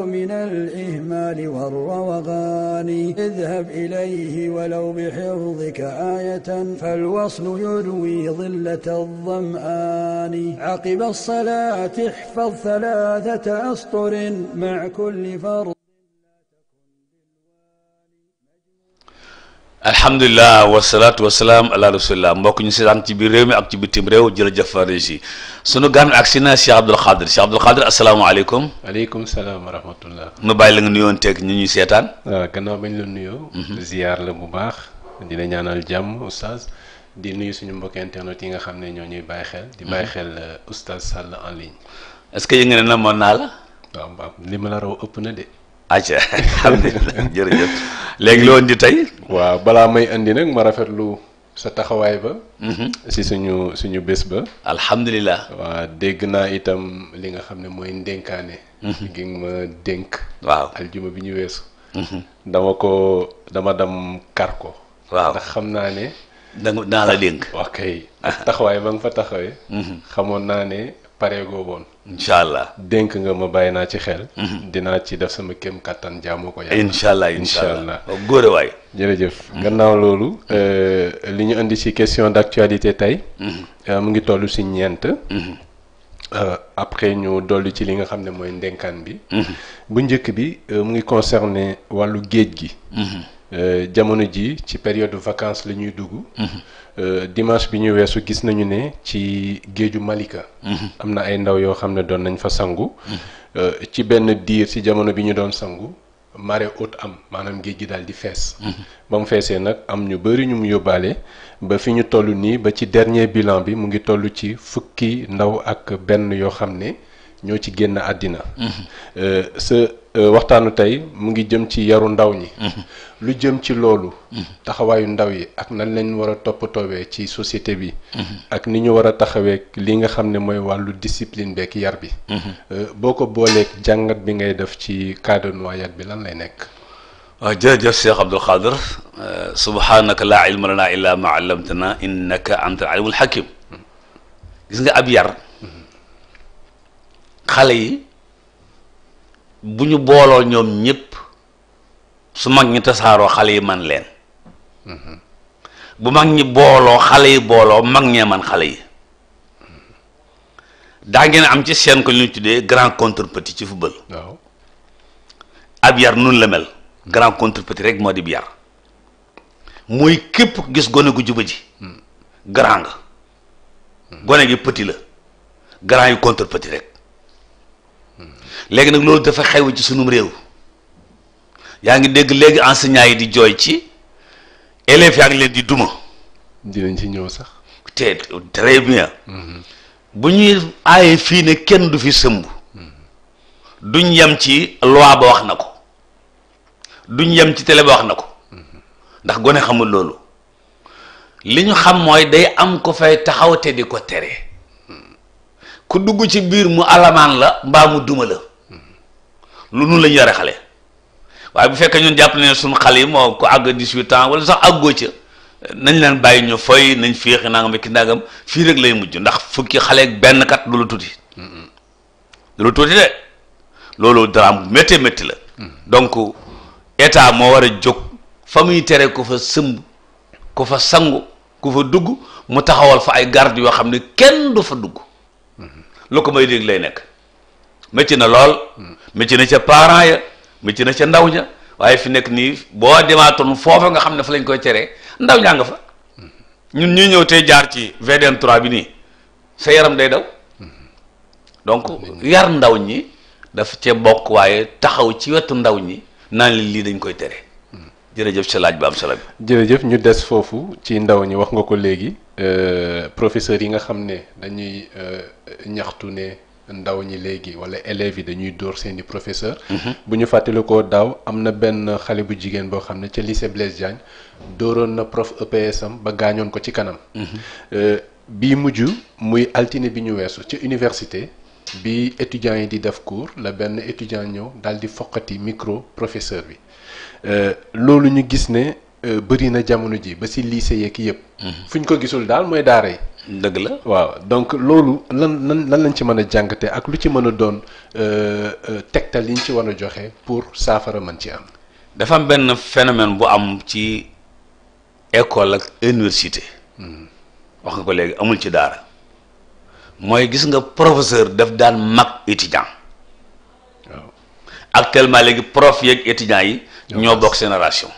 من الإهمال والروغان اذهب إليه ولو بحفظك آية فالوصل يروي ظلة الظمآن عقب الصلاة احفظ ثلاثة أسطر مع كل فرض alhamdulilah wasalaatu wasalaam ala rasulillah mbokk ñu seetaan ci biir réew mi ak ci bitim réew jërëjëf régi sunu gan agsi na Cheikh Abdoul Khadir Cheikh Abdoul Khadir asalaamaaleykum. aleykum salaam wa rahmatullah. nu bàyyi la nga nuyoon teeg ñu ñuy seetaan. waaw ah, gannaaw bañ la nuyoo. Mhm. ziar la bu baax. di la ñaanal jàmm oustaz di nuyu suñu mbokk internet yi nga xam ne ñoo ñuy bàyyi xel. di bàyyi mhm. xel euh, oustaz Sall en ligne. est-ce que yëngu na mën naa la. li ma la ëpp na de. aca alhamdulilah jërëjëf léegi loo indi tey waaw balaa may indi nag ma rafetlu sa taxawaay ba mhm. si suñu suñu bés ba alhamdulilah waaw dégg naa itam li nga xam ne mooy ndénkaane mhm. gi nga ma dénk waaw aljuma bi ñu weesu mhm. dama ko dama dam kar ko ndax xam naa ne danga naa la dénk ok taxawaay ba nga fa taxawee xamoon naa ne pareegoo woon. incha allah dénk nga ma bàyyi naa ci xel. Mhm. dinaa ci def sama kéem kattan jaamoo ko yàlla. incha allah incha allah oh, góore waay. jërëjëf mhm. gannaaw loolu. Mhm. Euh, li ñu indi ci question d'actualité tey. Euh, mu ngi toll ci ñeent. Euh, après ñu dolli ci li nga xam ne mooy ndenkaan bi. bu njëkk bi mu ngi concerné wàllu géej gi. Euh, jamono ji ci période vacances la ñuy dugg. Mhm. Euh, dimanche bi ñu weesu gis nañu ne ci géeju Malika. Mhm. am na ay ndaw yoo xam ne doon nañ fa sangu. Mhm. Euh, ci benn diir ci jamono bi ñu doon sangu. marée haute am maanaam géej gi daal di fees. ba mu feesee nag am ñu bëri ñu mu yóbbaale ba fi ñu toll nii ba ci dernier billan bi mu ngi toll ci fukki ndaw ak benn yoo xam ne. ñoo ci génn àddina sa mhm. euh, euh, waxtaanu tey mu ngi jëm ci yaru ndaw ñi mhm. lu jëm ci loolu mhm. taxawaayu ndaw yi ak nan lañ war a toppatoowee ci société bi ak ni ñu war a taxawee li nga xam ne mooy wàllu discipline beek yar bi euh, boo ko booleeg jàngat bi ngay def ci cadre noyat bi lan lay nekk waaw ah, jërëjëf Cheikh Abdou Khader subhaanaka laa ilma lanaa illaa maa allamtanaa innaka anta alimul hakim hmm. gis nga ab yar xale yi bu ñu booloo ñoom ñëpp su mag ñi tasaaroo xale yi man leen mhm. bu mag ñi booloo xale yi booloo mag ñee man xale yi daa ngeen am ci seen ko ñu tuddee grand contre petit ci football. waaw ab yar nun la mel. grand contre rek moo di bi yar mooy képp gis gone gu juba ji. Hmm. grand nga. Hmm. gone gi petit la. grand yu contre petit rek. léegi nag loolu dafa xew ci sunum réew yaa ngi dégg léegi enseignants yi di jooy ci élèves yaa ngi leen di duma. dinañ ci ñëw sax. te très bien. bu ñuy aaye fii ne kenn du fi sëmb. duñ yem ci loi ba wax na ko duñ yem ci tele ba wax na ko ndax gone xamul loolu li ñu xam mooy day am ko fay taxaw te di ko tere ku dugg ci biir mu alamaan la mbaamu duma la. lu nun la ñu xale waaye bu fekkee ñun jàpp ne suñ xale yi moo ko àgg 18 ans wala sax àggoo ca nañ leen bàyyi ñu foy nañ féexi nangam ki nangam fii rek lay mujj ndax fukki xale ak benn kat du la tuuti du la tuuti de loolu daraam métti métti la donc état moo war a jóg fa muy tere ku fa sëmb ku fa sangu ku fa dugg mu taxawal fa ay garde yoo xam ne kenn du fa dugg lu ko may dégg lay nekk metti na lool métti na ca parent ya métti na ca ndaw ña waaye fi nekk nii boo demaatoon foofa nga xam ne fa lañ koy tere ndaw ñaa nga fa ñun ñuy ñëw te jaar ci VDN 3 bi nii sa yaram day daw donc yar ndaw ñi daf cee bokk waaye taxaw ci wetu ndaw ñi naan li lii dañ koy tere jërëjëf sa laaj bi am solo bi jërëjëf ñu des foofu ci ndaw ñi wax nga ko léegi euh, professeur yi nga xam ne dañuy euh, ñaxtu ne ndaw ñi léegi wala élèves yi dañuy dóor seeni professeur mhm. bu ñu fàttalikoo daaw am na benn xale bu jigéen boo xam ne ca lycée Blaise Diagne dóoroon na prof EPS am ba gaañoon ko ci kanam mhm. euh, bi mujj muy altine bi ñu weesu ca université bi étudiants yi di def cours la benn étudiant ñëw daal di foqati micro professeur bi euh, loolu ñu gis ne euh, bëri na jamono ji ba si lycée yeeg yëpp mhm. fu ñu ko gisul daal mooy daara yi dëgg la waaw donc loolu lan lan lan lañ ci mën a jàngatee ak lu ci mën a doon euh, euh, tegtal yi ñu ci wan a joxe pour saafara mën ci am. dafa am benn phénomène bu am ci école ak université. Hmm. wax nga ko léegi amul ci daara. mooy gis nga professeur def daan mag étudiant. waaw actuellement léegi prof yeeg étudiants yi. ñoo bokk génération.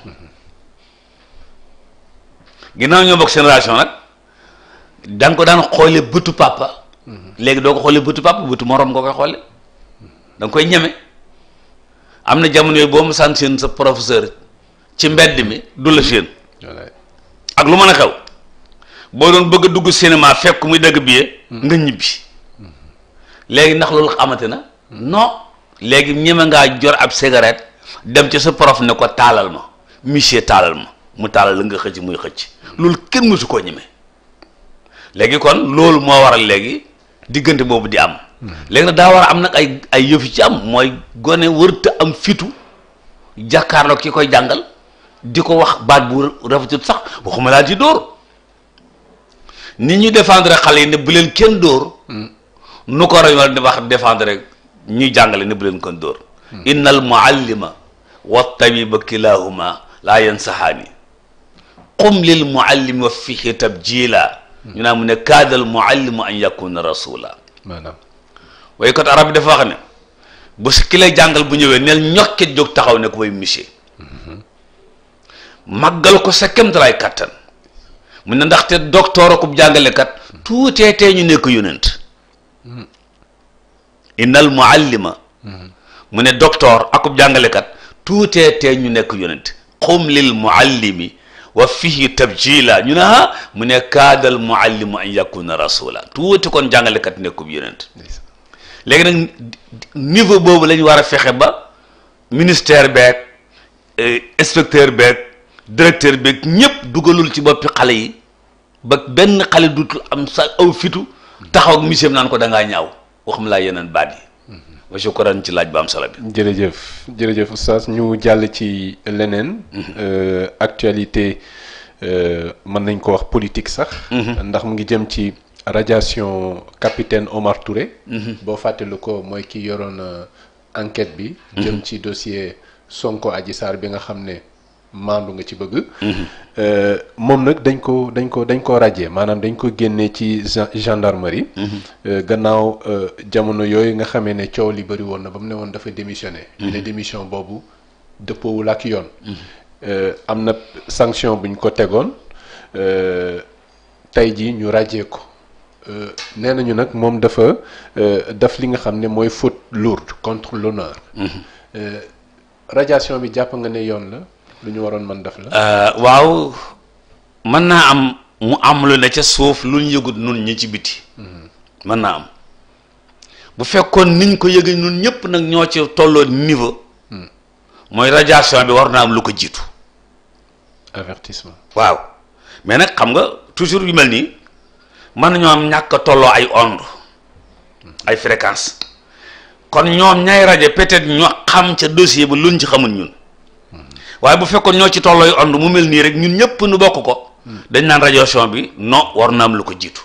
ginnaaw ñoo bokk génération nag. da ko daan xoole bëtu papa léegi doo ko xoole bëtu papa bëtu morom nga koy xoole da nga koy ñeme am na jamono yooyu boo mu sant seen sa professeur ci mbedd mi du la seen ak lu mën a xew boo doon bëgg a dugg cinéma fekk muy dëgg billet hmm. nga ñibbi hmm. léegi ndax loolu xamante hmm. no léegi ñeme ngaa jor ab cigarette dem ca sa prof ne ko taalal ma monsieur taalal ma mu taalal la nga xëcc muy xëcc loolu kenn mësu koo ñeme léegi kon loolu moo waral léegi diggante boobu di am hmm. léegi na daa war a am nag ay ay yëf ci am mooy gone wërta am fitu jàkkaarloo ki koy jàngal di ko wax baat bu rafetut sax waxuma laa ci dóor nit ñu défendre xale yi ne bu leen kenn dóor hmm. nu ko war rañwal ne wax défendre ñuy jàngale ne bu leen kon dóor hmm. inna al muallima wa tabiba kilahuma laa yansahaani qum lil muallimi wa fihi tabjila ñu naa mu ne kaadal muallimu an yakuna rasula maanaam waykat arab bi dafa ne bu si ki jàngal bu ñëwee neel ñokket jóg taxaw ne ko way monsieur maggal mm-hmm. ko sa kemtalaay kattan mu ne ndaxte docteur akub jàngalekat tuutee tee ñu nekk yonent mm-hmm. innal muallima mm-hmm. mu ne docteur akub jàngalekat tuutee tee ñu nekk yonent xum lil muallimi wa fihi tabjila ñu ne ha ah, mu ne kaadal muallimu an yakuna rasula tuuti kon jàngalekat nekkub yonent léegi nag niveau boobu la ñu war a fexe ba ministère beek eh, inspecteur beeg directeur beeg ñëpp dugalul ci boppi xale yi ba benn xale du am sa aw fitu taxaw ak monsieur naan ko da ngaa ñaaw waxam laa yeneen baat yi wa shukran ci laaj ba am solo bi. jërëjëf jërëjëf ñu jàll ci leneen. Mhm. Euh, actualité euh, mën nañ ko wax politique sax. Mhm. ndax mu ngi jëm ci radiation capitaine Omar Touré. Mhm. boo fàttelu ko mooy ki yoroon euh, enquête bi. jëm ci dossier Sonko Adji Sarr bi nga xam ne. maandu nga ci bëgg. Mhm. Euh, moom nag dañ ko dañ ko dañ koo ràjjee maanaam dañ ko génnee ci gendarmerie. Mhm. Euh, gannaaw euh, jamono yooyu nga xamee ne coow li bëri woon na ba mu ne woon dafa démissionné. Mhm. ne démission boobu dëppoowul ak yoon. am na sanction buñ ko tegoon tey jii ñu ràjjee ko. nee nañu nag moom dafa daf li nga xam ne mooy faute lourde contre l'honneur. radiation bi jàpp nga ne yoon la. lu ñu waroon mën def la. Euh, waaw mën naa am mu am lu ne ca suuf lu ñu yëgut nun ñi ci biti. Mhm. mën naa am bu fekkoon niñ ko yëgee nun ñëpp nag ñoo ci tolloo niveau. Hmm. mooy radiation bi war naa am lu ko jiitu. avertissement. waaw mais nag xam nga toujours yu mel nii mën nañoo am ñàkk tolloo ay onde hmm. ay fréquence kon ñoom ñay rajo peut-être ñu xam ca dossier ba luñ ci xamul ñun. waaye bu fekkoon ñoo ci tollooy ond mu mel nii rek ñun ñëpp nu bokk ko dañ naan radiation bi non war na am lu ko jiitu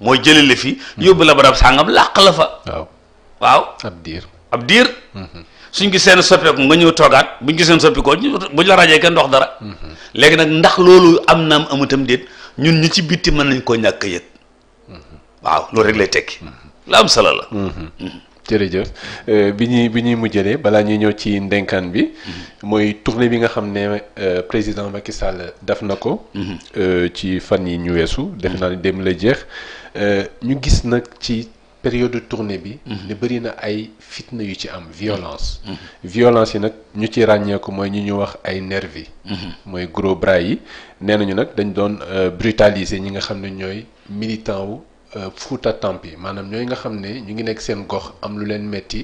mooy jëlee la fi yóbbu la barab sàngam làq la fa waaw ab diir ab diir mhm. suñ gis seen soppeeku nga ñëw toogaat ñu gisee seen soppi ko buñ la rajee kenn dox dara mhm. léegi nag ndax loolu am naam amatam déet ñun ñu ci bitti mën nañ koo ñàkk a mhm. waaw loolu rek lay tekki la am solo la jërëjëf euh, bi ñuy bi ñuy mujjalee balaa ñuy ñëw ci ndenkaan bi. Mhm. mooy tournée bi nga xam ne euh, président Macky Sall def na ko. Mhm. Euh, ci fan yi ñu weesu. def mhm. naa dem la jeex ñu gis nag ci période tournée bi. ne bëri na ay fitna yu ci am violence. violence yi nag ñu ci ràññeeku mooy ñu ñu wax ay nervi mooy gros bras yi nee nañu nag dañ doon brutaliser ñi nga xam ne ñooy militant wu. Euh, Fouta yi maanaam ñooy nga xam ne ñu ngi nekk seen gox am lu leen metti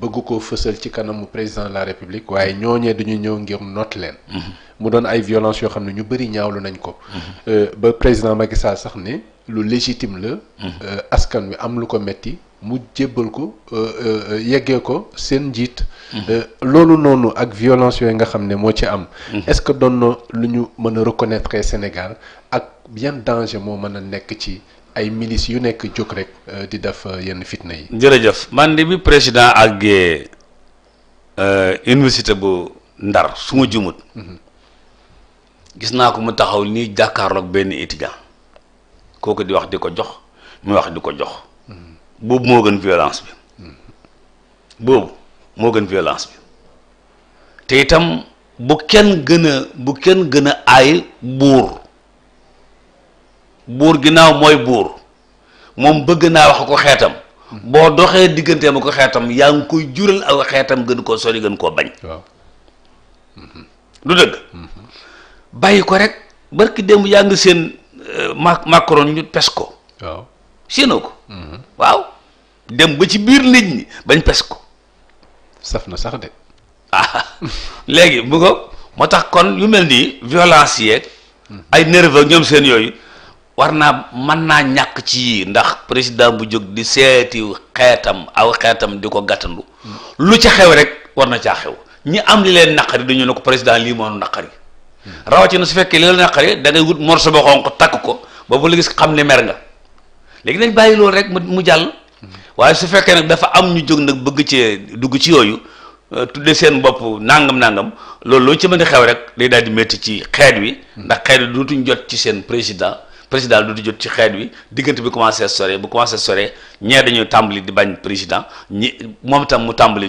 bëgg ko fësal ci kanamu président de la république waaye ñooñee dañu ñëw ngir noot leen. Mm-hmm. mu doon ay violence yoo xam ne ñu bëri ñaawlu nañ ko. Mm-hmm. Euh, ba président Macky Sall sax ne lu légitime la. Mm-hmm. Euh, askan wi am lu ko metti mu jébbal ko yeggee ko seen njiit. loolu noonu ak violence yooyu nga xam ne moo ci am. est-ce que doon lu ñu mën a reconnaître Sénégal ak yenn danger moo mën a nekk ci. ay milices yu nekk jóg rek euh, di def euh, yenn fitna yi. jërëjëf man de bi président àggee euh, université bu Ndar su ma jumut mhm. gis naa ko mu taxaw nii jàkkaarloog benn étudiant kooku di wax di ko jox mu wax di ko jox. Mhm. boobu moo gën violence bi. Mhm. boobu moo gën violence bi te itam bu kenn gën bu kenn gën a aay buur. buur ginnaaw mooy buur moom bëgg naa wax ko xeetam boo doxee digganteem ak ko xeetam yaa ngi koy jural aw xeetam gën koo soli gën koo bañ mm-hmm. du dëgg mm-hmm. bàyyi ko rek barki démb yaa ngi seen euh, ma macaron ñu pes ko waaw séenoo ko mm-hmm. waaw dem ba ci biir nit ñi bañ pes ko saf na sax de ah. léegi bu ko moo tax kon yu mel nii violence yeeg ay nerveux ñoom seen yooyu war naa mën naa ñàkk ci yii ndax président bu jóg di seeti xeetam aw xeetam di ko gàttandu mm. lu ca xew rek war na caa xew ñi am li leen naqari dañu ne ko président lii moo naqari mm. rawatina su fekkee li la naqari da wut morso ba xonq takk ko ba bu la gis xam ne mer nga léegi nañ bàyyi loolu rek mu jàll mm. waaye su fekkee nag dafa am ñu jóg nag bëgg cee dugg ci yooyu euh, tudde seen bopp nangam nangam loolu loo ci mën a xew rek day daal di métti ci xeet wi ndax xeet jot ci seen président président du jot ci xeet wi diggante bi commencé sore bu commencé sore ñee dañuy tàmbali di bañ président ñi moom itam mu tàmbali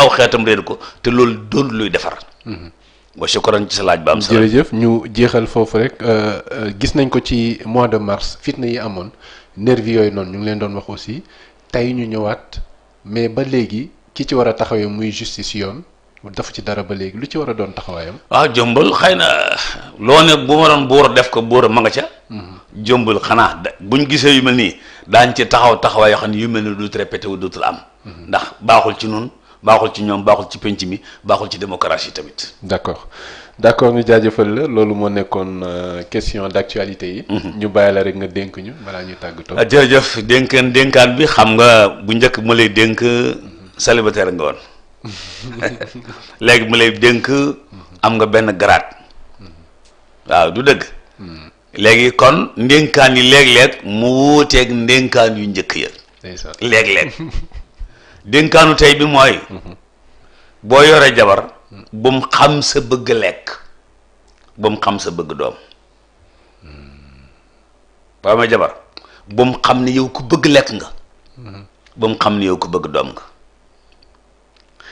aw xeetam réer ko te loolu doon luy defar. ko mhm. sukkandiku ci sa laaj ba am. solo jërëjëf ñu jeexal foofu rek euh, euh, gis nañ ko ci mois de mars fitna yi amoon nervi yooyu noonu ñu ngi leen doon wax aussi tey ñu ñëwaat mais ba léegi ki ci war a taxawee muy justice yoon. dafa ci dara ba léegi lu ci war a doon taxawaayam. waaw jëmbal xëy na loo ne bu ma doon buur def ko buur ma nga ca. Mhm. jëmbal xanaa da buñ gisee yu mel nii daañ ci taxaw taxawaay yoo xam ne yu mel ni dootul répété wu dootul am. Mhm. ndax baaxul ci nun baaxul ci ñoom baaxul ci penc mi baaxul ci démocratie tamit. d'accord d'accord ñu jaajëfal la loolu moo nekkoon euh, question d'actualité yi. Mhm. ñu bàyyi la rek nga dénk ñu balaa ñu tàggatoo. Ah, jërëjëf dénkaan dénkaat bi xam nga bu njëkk ma dénk célibataire nga woon. léegi mu lay dénk am nga benn garaat waaw du dëgg léegi kon ndénkaan yi léeg-léeg mu wuuteeg ndénkaan yu njëkk ya léeg-léeg dénkaanu tey bi mooy boo yore jabar bum xam sa bëgg lekk bum xam sa bëgg doom boo amee jabar bum xam ne yow ku bëgg lekk nga bum xam ne yow ku bëgg doom nga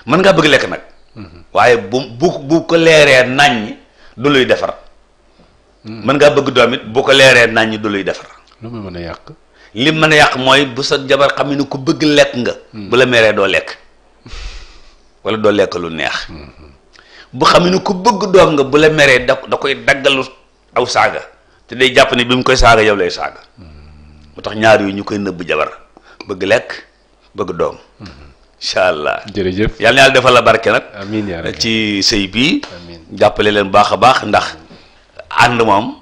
mën ngaa bëgg lekk nag. Mhm. waaye bu bu bu ko leeree naññ du luy defar. Mhm. mën ngaa bëgg doomit bu ko leeree naññ du luy defar. lu muy mën a yàq. li mën yàq mooy bu sa jabar xam ne ku bëgg lekk nga. Mhm. bu la meree doo lekk wala doo lekk lu neex. bu xam ne ku bëgg doom nga bu la meree da da koy daggalu aw saaga te day jàpp ni bi mu koy saaga yow lay saaga. moo tax ñaar yu ñu koy nëbb jabar bëgg lekk bëgg doom. incha allah jërëjëf yal na yàlla defal la barke nag. amiin ci sëy bii. jàppale leen baax a baax ndax ànd moom.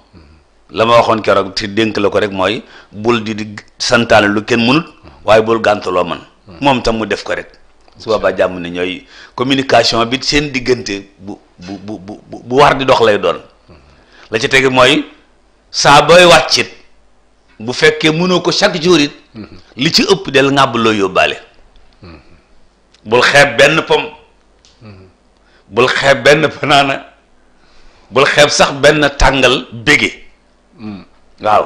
lama waxoon keroog ci dénk la ko rek mooy bul di di santaane lu kenn mënut waaye bul gàntaloo man moom tam mu def ko rek. su boobaa jàmm ne ñooy communication bi seen diggante bu bu bu bu war di dox lay doon. la ci teg mooy saa booy wàccit bu fekkee mënoo ko chaque jour it. Mm-hmm. li ci ëpp del ngàbb loo yóbbaale. bul xeeb benn pom bul xeeb benn banaana bul xeeb sax benn tàngal bége waaw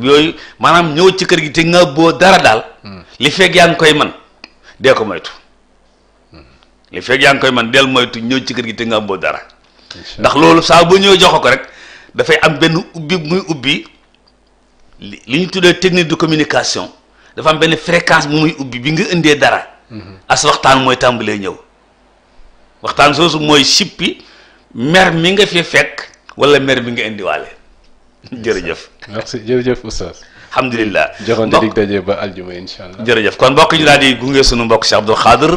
yooyu maanaam ñëw ci kër gi te nga boo dara daal li fekk yaa ngi koy man dee ko moytu li fekk yaa ngi koy man del moytu ñëw ci kër gi te nga boo dara ndax loolu saa bu ñëw jox ko rek dafay am benn ubbi muy ubbi li ñu tuddee technique de communication dafa am benn fréquence bu muy ubbi bi nga indee dara as waxtaan mooy tàmbalee ñëw waxtaan soosu mooy sippi mer mi nga fi fekk wala mer mi nga indiwaale jërëjëf merci jërëjëf oustaz alhamdulilah joxante dig daje ba aljuma incha allah jërëjëf kon mbokk ñu daal di gunge sunu mbokk Cheikh Abdou Khadir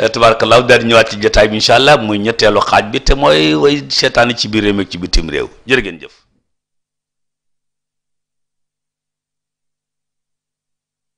eh, tabarakallah daal di ñëwaat ci jotaay bi incha allah muy ñetteelu xaaj bi te mooy way seetaani ci biir réew mi ci bitim réew jërë ngeen jëf